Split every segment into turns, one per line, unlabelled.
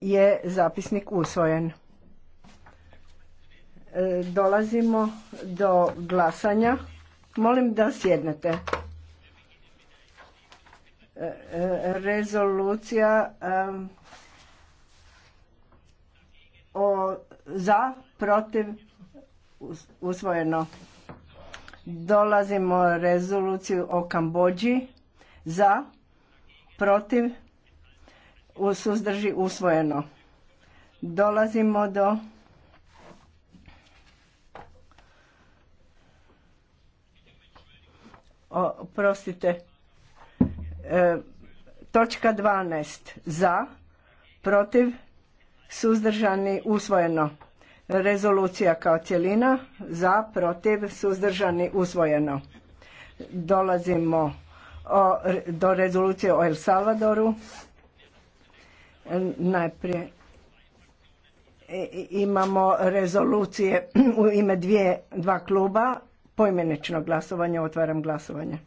je zapisnik usvojen. E, dolazimo do glasanja. Molim da sjednete. E, rezolucija za, protiv, usvojeno. Dolazimo rezoluciju o Kambođi. Za, protiv, suzdrži usvojeno. Dolazimo do o, prostite, e, točka 12 za, protiv, suzdržani, usvojeno. Rezolucija kao cjelina, za, protiv, suzdržani, usvojeno. Dolazimo do rezolucije o El Salvadoru. Najprije e, imamo rezolucije u ime dvije, dva kluba. Poimenično glasovanje, otvaram glasovanje.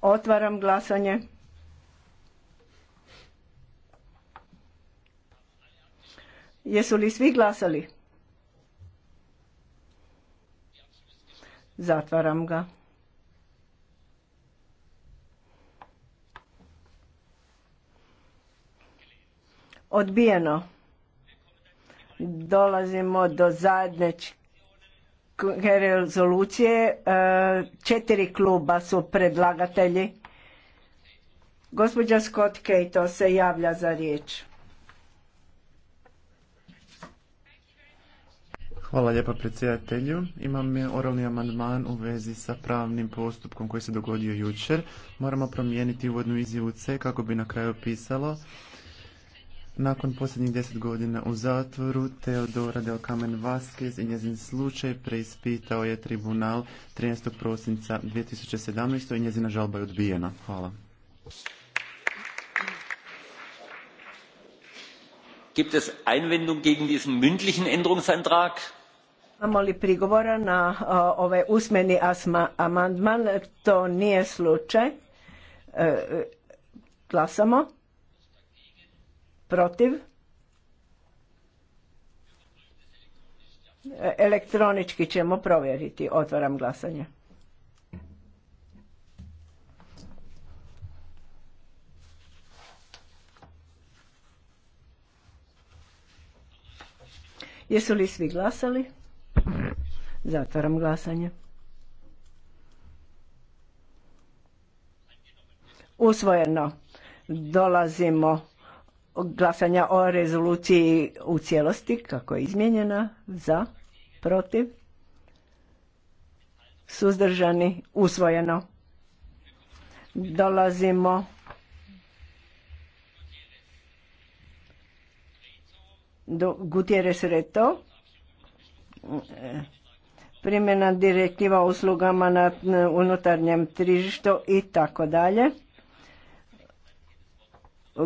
Otvaram glasanje. Jesu li svi glasali? Zatvaram ga. odbijeno. Dolazimo do zajedničke rezolucije. E, četiri kluba su predlagatelji. Gospođa Scott Cato se javlja za riječ.
Hvala lijepa predsjedatelju. Imam oralni amandman u vezi sa pravnim postupkom koji se dogodio jučer. Moramo promijeniti uvodnu izjavu C kako bi na kraju pisalo nakon posljednjih deset godina u zatvoru, Teodora Del Kamen Vasquez i njezin slučaj preispitao je tribunal 13. prosinca 2017. i njezina žalba je odbijena. Hvala. Gibt es Einwendung gegen diesen mündlichen Änderungsantrag?
Imamo li prigovora na uh, ovaj usmeni amandman? To nije slučaj. Uh, glasamo protiv elektronički ćemo provjeriti otvaram glasanje Jesu li svi glasali? Zatvaram glasanje. Usvojeno. Dolazimo glasanja o rezoluciji u cijelosti kako je izmijenjena za protiv suzdržani usvojeno dolazimo do Gutierrez Reto primjena direktiva uslugama na unutarnjem tržištu i tako dalje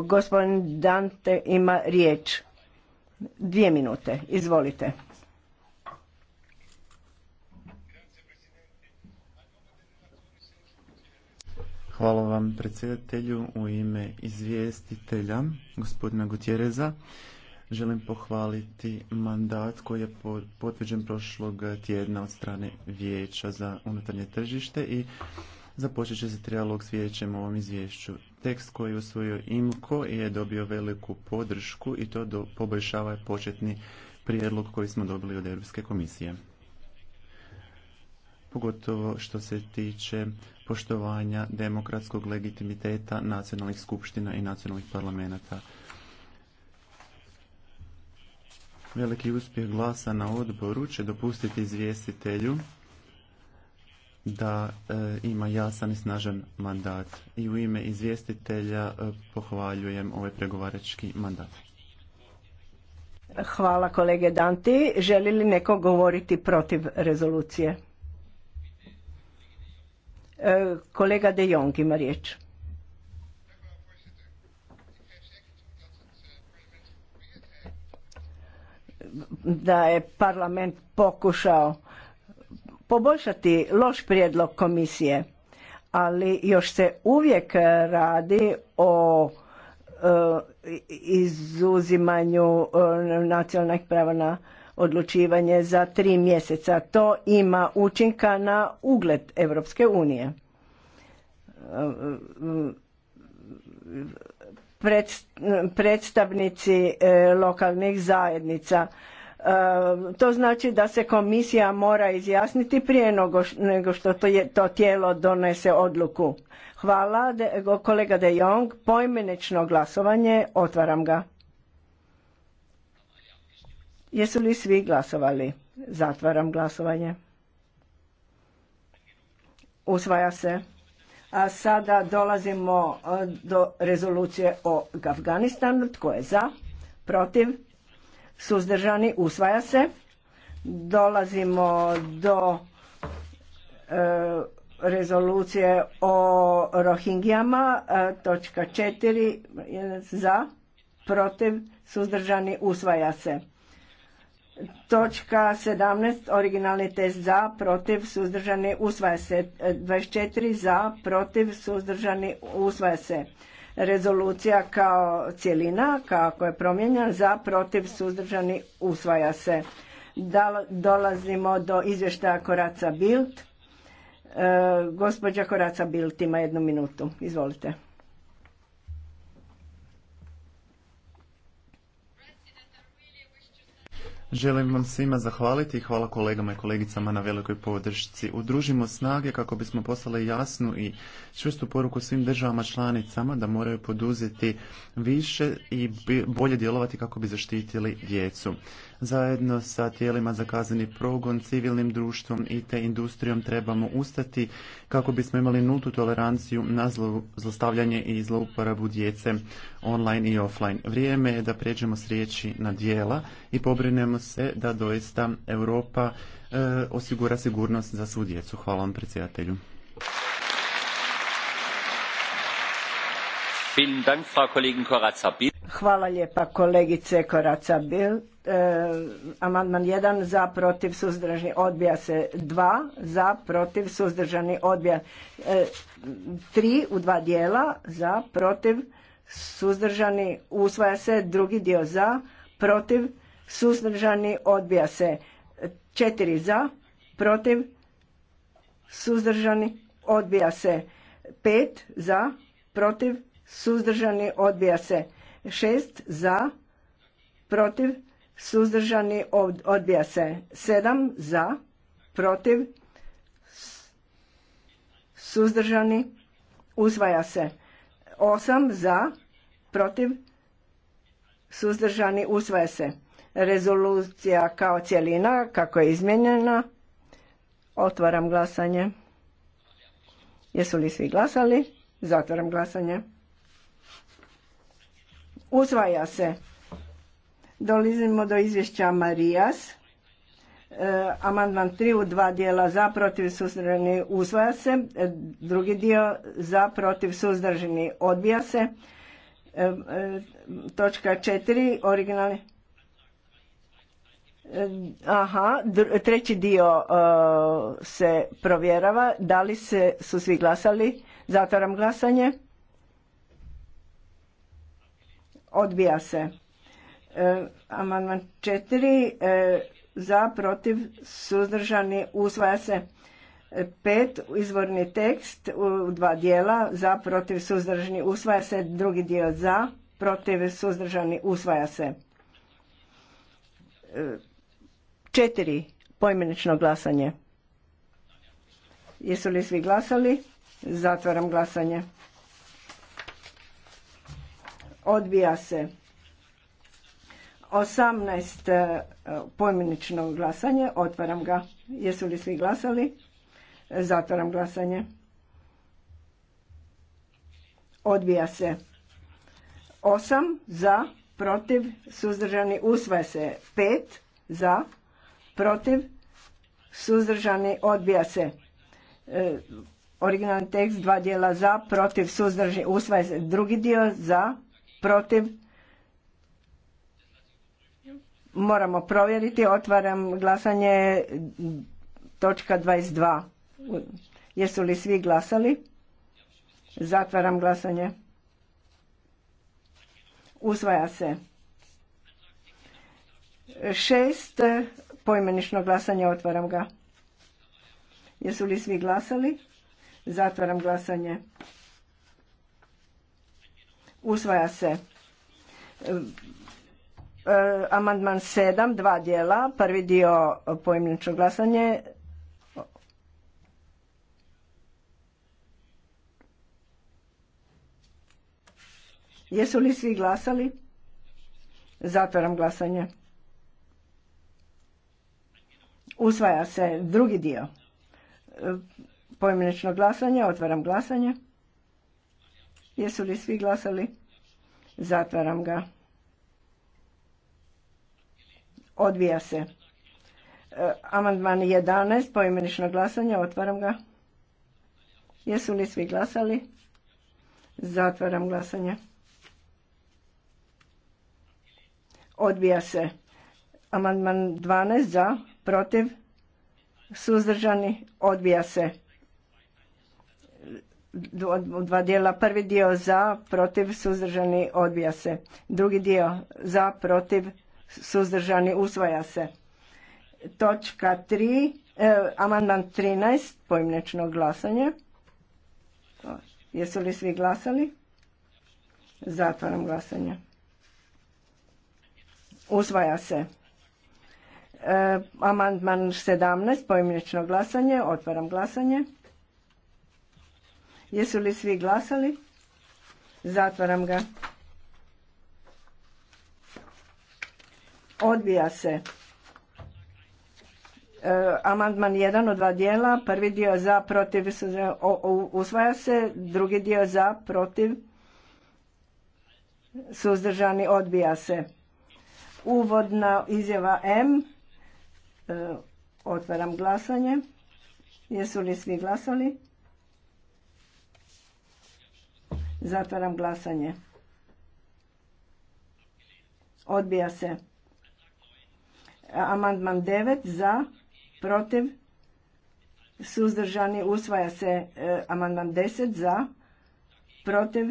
Gospodin Dante ima riječ. Dvije minute, izvolite.
Hvala vam predsjedatelju u ime izvjestitelja gospodina Gutjereza. Želim pohvaliti mandat koji je potvrđen prošlog tjedna od strane Vijeća za unutarnje tržište i Započet će se trijalog s vijećem u ovom izvješću. Tekst koji je usvojio IMKO je dobio veliku podršku i to poboljšava početni prijedlog koji smo dobili od Europske komisije. Pogotovo što se tiče poštovanja demokratskog legitimiteta nacionalnih skupština i nacionalnih parlamenta. Veliki uspjeh glasa na odboru će dopustiti izvjestitelju da e, ima jasan i snažan mandat i u ime izvjestitelja e, pohvaljujem ovaj pregovarački mandat.
Hvala kolege Danti. Želi li neko govoriti protiv rezolucije? E, kolega De Jong ima riječ. Da je parlament pokušao poboljšati loš prijedlog komisije, ali još se uvijek radi o e, izuzimanju e, nacionalnih prava na odlučivanje za tri mjeseca. To ima učinka na ugled Europske unije. Predstavnici e, lokalnih zajednica E, to znači da se komisija mora izjasniti prije nego što to, je, to tijelo donese odluku. Hvala kolega De Jong. Poimenično glasovanje. Otvaram ga. Jesu li svi glasovali? Zatvaram glasovanje. Usvaja se. A sada dolazimo e, do rezolucije o Afganistanu. Tko je za? Protiv? suzdržani, usvaja se. Dolazimo do e, rezolucije o Rohingijama. e, točka 4, za, protiv, suzdržani, usvaja se. Točka 17, originalni test za, protiv, suzdržani, usvaja se. 24 e, za, protiv, suzdržani, usvaja se. Rezolucija kao cjelina, kako je promijenjena, za protiv suzdržani usvaja se. dolazimo do izvještaja Koraca Bild. E, gospođa Koraca Bild ima jednu minutu. Izvolite.
Želim vam svima zahvaliti i hvala kolegama i kolegicama na velikoj podršci. Udružimo snage kako bismo poslali jasnu i čvrstu poruku svim državama članicama da moraju poduzeti više i bolje djelovati kako bi zaštitili djecu. Zajedno sa tijelima za kazneni progon, civilnim društvom i te industrijom trebamo ustati kako bismo imali nultu toleranciju na zlostavljanje i zlouporabu djece online i offline. Vrijeme je da pređemo s riječi na dijela i pobrinemo se da doista Europa e, osigura sigurnost za svu djecu. Hvala vam predsjedatelju.
Hvala lijepa kolegice Koraca Bil. E, amandman 1 za protiv suzdržani odbija se 2 za protiv suzdržani odbija 3 e, u dva dijela za protiv suzdržani usvaja se drugi dio za protiv suzdržani odbija se 4 za protiv suzdržani odbija se 5 za protiv suzdržani odbija se 6 za protiv suzdržani odbija se sedam za protiv suzdržani usvaja se osam za protiv suzdržani usvaja se rezolucija kao cjelina kako je izmijenjena otvaram glasanje jesu li svi glasali zatvaram glasanje usvaja se Dolazimo do izvješća Marijas. E, amandman 3 u dva dijela za protiv suzdržani usvaja se. E, drugi dio za protiv suzdržani odbija se. E, e, točka 4 originalni. Aha, treći dio se provjerava. Da li se, su svi glasali? Zatvaram glasanje. Odbija se. E, amandman 4 e, za, protiv, suzdržani, usvaja se. 5 e, izvorni tekst u dva dijela za, protiv, suzdržani, usvaja se. Drugi dio za, protiv, suzdržani, usvaja se. 4 poimenično glasanje. Jesu li svi glasali? Zatvaram glasanje. Odbija se. 18 e, pojmenično glasanje. Otvaram ga. Jesu li svi glasali? Zatvaram glasanje. Odbija se. 8 za, protiv, suzdržani, usvaja se. Pet za, protiv, suzdržani, odbija se. E, originalni tekst, dva dijela za, protiv, suzdržani, usvaja se. Drugi dio za, protiv, Moramo provjeriti, otvaram glasanje točka 22. Jesu li svi glasali? Zatvaram glasanje. Usvaja se. Šest, pojmenično glasanje, otvaram ga. Jesu li svi glasali? Zatvaram glasanje. Usvaja se. E, amandman 7, dva dijela. Prvi dio e, poimenično glasanje. Jesu li svi glasali? Zatvaram glasanje. Usvaja se drugi dio. E, glasanje, otvaram glasanje. Jesu li svi glasali? Zatvaram ga. Odvija se. E, amandman 11, poimenično glasanje, otvaram ga. Jesu li svi glasali? Zatvaram glasanje. Odbija se. Amandman 12 za, protiv, suzdržani, odbija se. Dva dijela. Prvi dio za, protiv, suzdržani, odbija se. Drugi dio za, protiv, suzdržani usvaja se. Točka 3, e, amandman 13, pojmnečno glasanje. Jesu li svi glasali? Zatvaram glasanje. Usvaja se. E, amandman 17, pojmnečno glasanje. Otvaram glasanje. Jesu li svi glasali? Zatvaram ga. odbija se. E, amandman jedan od dva dijela, prvi dio za, protiv, usvaja se, drugi dio za, protiv, suzdržani, odbija se. Uvodna izjava M, e, otvaram glasanje. Jesu li svi glasali? Zatvaram glasanje. Odbija se. Amandman 9 za, protiv, suzdržani, usvaja se e, amandman 10 za, protiv,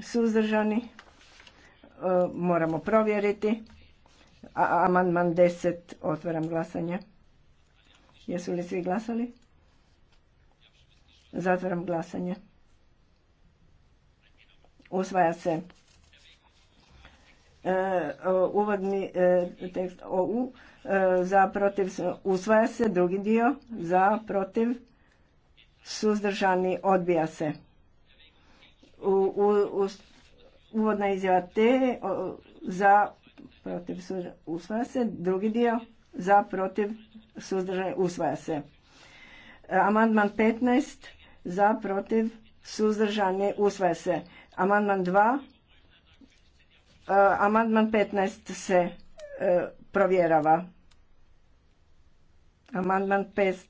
suzdržani, e, moramo provjeriti. amandman 10, otvaram glasanje. Jesu li svi glasali? Zatvaram glasanje. Usvaja se E, uvodni e, tekst OU e, za protiv usvaja se drugi dio za protiv suzdržani odbija se u, u, uvodna izjava T za protiv usvaja se drugi dio za protiv suzdržani usvaja se amandman 15 za protiv suzdržani usvaja se amandman 2 E, amandman 15 se e, provjerava. Amandman 5.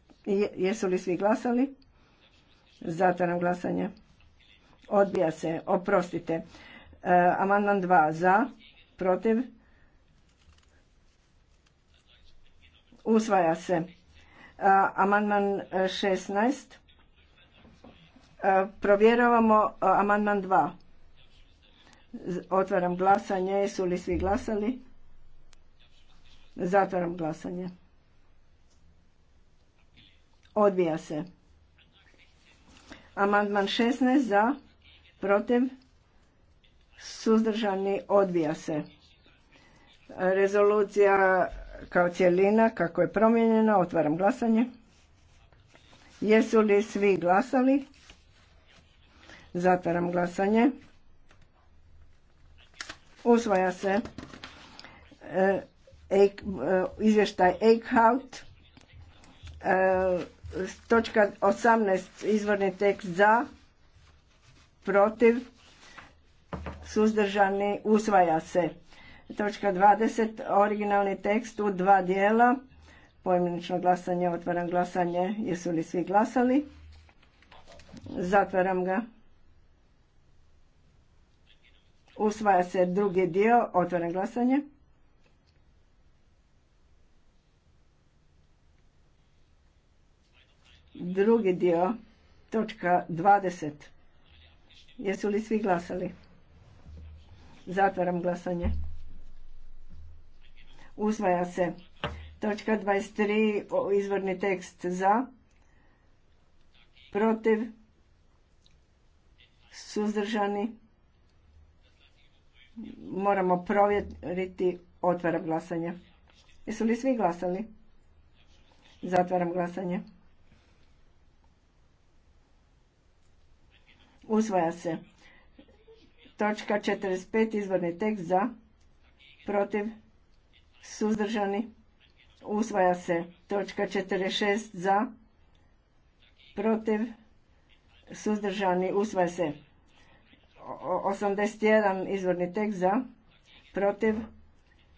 Jesu li svi glasali? Zatvaram glasanje. Odbija se. Oprostite. E, amandman 2 za. Protiv. Usvaja se. Amandman 16. Provjeravamo amandman 2. Otvaram glasanje. Jesu li svi glasali? Zatvaram glasanje. Odbija se. Amandman 16 za, protiv, suzdržani, odbija se. Rezolucija kao cijelina, kako je promijenjena, otvaram glasanje. Jesu li svi glasali? Zatvaram glasanje. Usvaja se e, e, izvještaj Eichhout. E, točka 18. Izvorni tekst za, protiv, suzdržani, usvaja se. Točka 20. Originalni tekst u dva dijela. Pojmenično glasanje, otvaram glasanje. Jesu li svi glasali? Zatvaram ga. Usvaja se drugi dio, otvoren glasanje. Drugi dio, točka 20. Jesu li svi glasali? Zatvaram glasanje. Usvaja se točka 23, izvorni tekst za, protiv, suzdržani, Moramo provjeriti. Otvaram glasanje. Jesu li svi glasali? Zatvaram glasanje. Usvaja se. Točka 45. Izvorni tekst za. Protiv. Suzdržani. Usvaja se. Točka 46. Za. Protiv. Suzdržani. Usvaja se. 81 izvorni tekst za, protiv,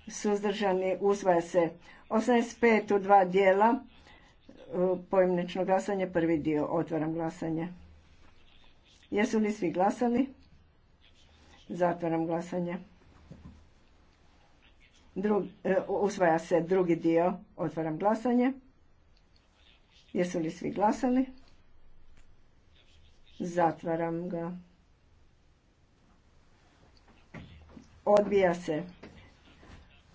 suzdržani, usvaja se. 85 u dva dijela, e, pojemnično glasanje, prvi dio, otvaram glasanje. Jesu li svi glasali? Zatvaram glasanje. E, usvaja se drugi dio, otvaram glasanje. Jesu li svi glasali? Zatvaram ga. odbija se.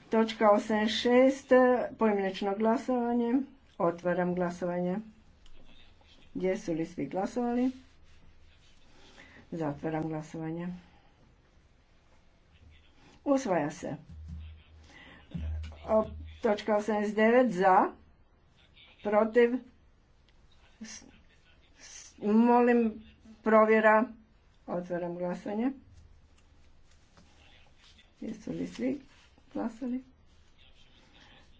Točka 86, poimenično glasovanje, otvaram glasovanje. su li svi glasovali? Zatvaram glasovanje. Usvaja se. točka 89 za, protiv, molim provjera, otvaram glasovanje. Jesu li svi glasali?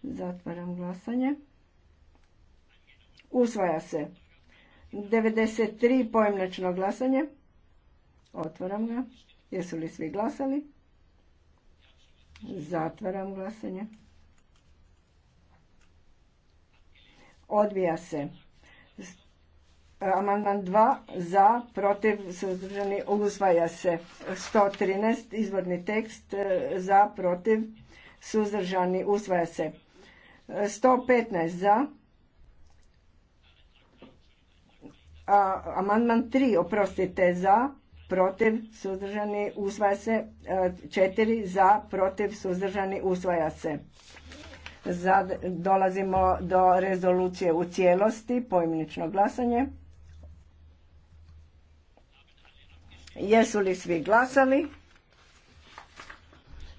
Zatvaram glasanje. Usvaja se. 93 pojemnačno glasanje. Otvaram ga. Jesu li svi glasali? Zatvaram glasanje. Odbija se. E, amandman 2 za, protiv, suzdržani, usvaja se. 113, izvorni tekst, e, za, protiv, suzdržani, usvaja se. 115 e, za, amandman 3, oprostite, za, protiv, suzdržani, usvaja se. 4 za, protiv, suzdržani, usvaja se. dolazimo do rezolucije u cijelosti, pojmenično glasanje. Jesu li svi glasali?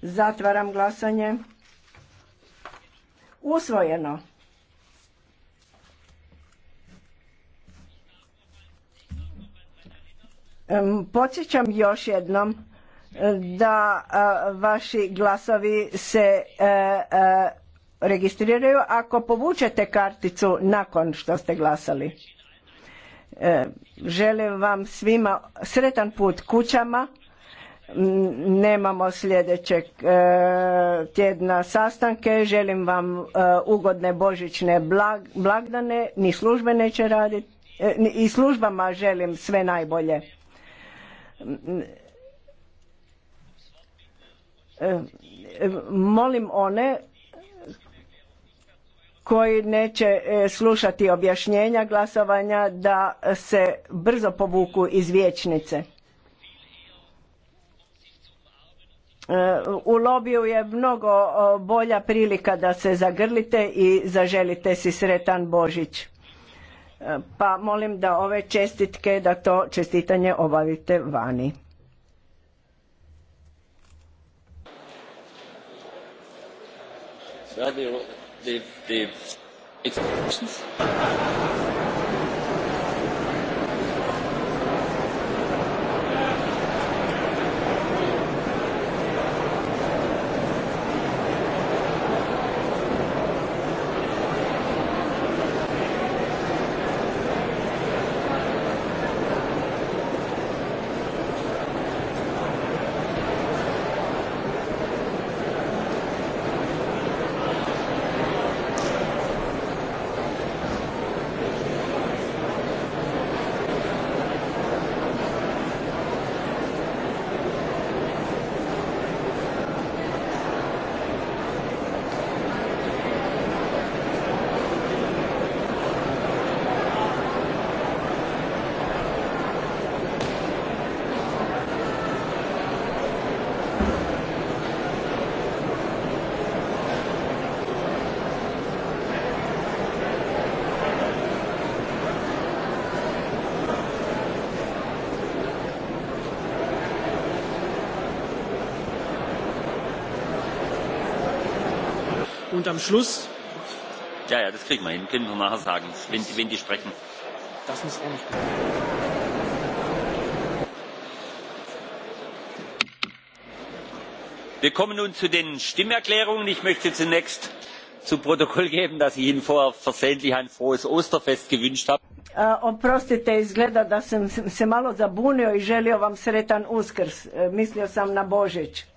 Zatvaram glasanje. Usvojeno. Podsjećam još jednom e, da e, vaši glasovi se e, registriraju ako povučete karticu nakon što ste glasali. E, želim vam svima sretan put kućama. Nemamo sljedećeg e, tjedna sastanke. Želim vam e, ugodne božićne blagdane. Ni službe neće raditi. I službama želim sve najbolje. Molim one koji neće e, slušati objašnjenja glasovanja da se brzo povuku iz vijećnice. E, u lobiju je mnogo bolja prilika da se zagrlite i zaželite si sretan Božić. E, pa molim da ove čestitke, da to čestitanje obavite vani
the the exceptions. Und am Schluss. Ja, ja, das kriegen wir hin. Können wir nachher sagen, wenn, wenn die sprechen. Das muss auch nicht passieren. wir kommen nun zu den stimmerklärungen. ich möchte zunächst zu protokoll geben dass ich ihnen vorher versehentlich ein frohes osterfest gewünscht habe.
Äh, oprostite izgleda da sam se malo zabunio i želio vam sretan uskrs äh, mislio sam na božić.